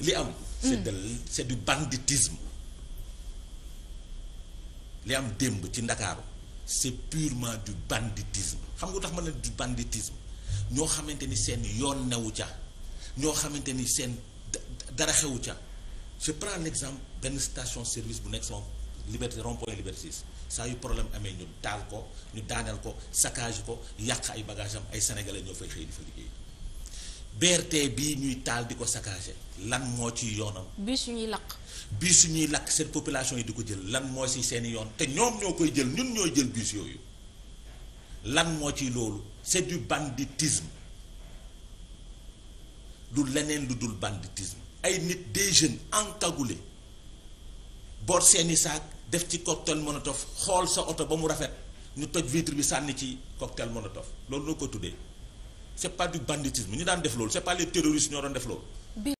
li am c'est mm. de c'est du banditisme li am démb ci ndakaaru c'est purement du banditisme xam nga tax ma ne du banditisme ñoo xamante ni seen yoon newu ca ñoo xamante ni seen dara xewu ca je prends l'exemple benn station service bu nekk sama liberté rond-point saa yu problème amee ñu taal ko ñu daaneel ko saccage ko yàq ay bagage ay sénégalais ñoo fay xëy di liggéey BRT bii ñuy taal di ko saccagé lan moo ci yoonam. bus yu ñuy lakk. bii yu ñuy lakk seen population yi di ko jël lan moo ci seeni yoon te ñoom ñoo koy jël ñun ñooy jël bus yooyu lan moo ci loolu c'est du banditisme du leneen lu dul banditisme. ay nit des jeunes encagoulés boor seeni saak def ci cocktail Molotov xool sa oto ba mu rafet ñu toj vitre bi sànni ci cocktail Molotov loolu noo ko tuddee. c'est pas banditisme ñu daan def loolu c'est pas les ñoo doon def loolu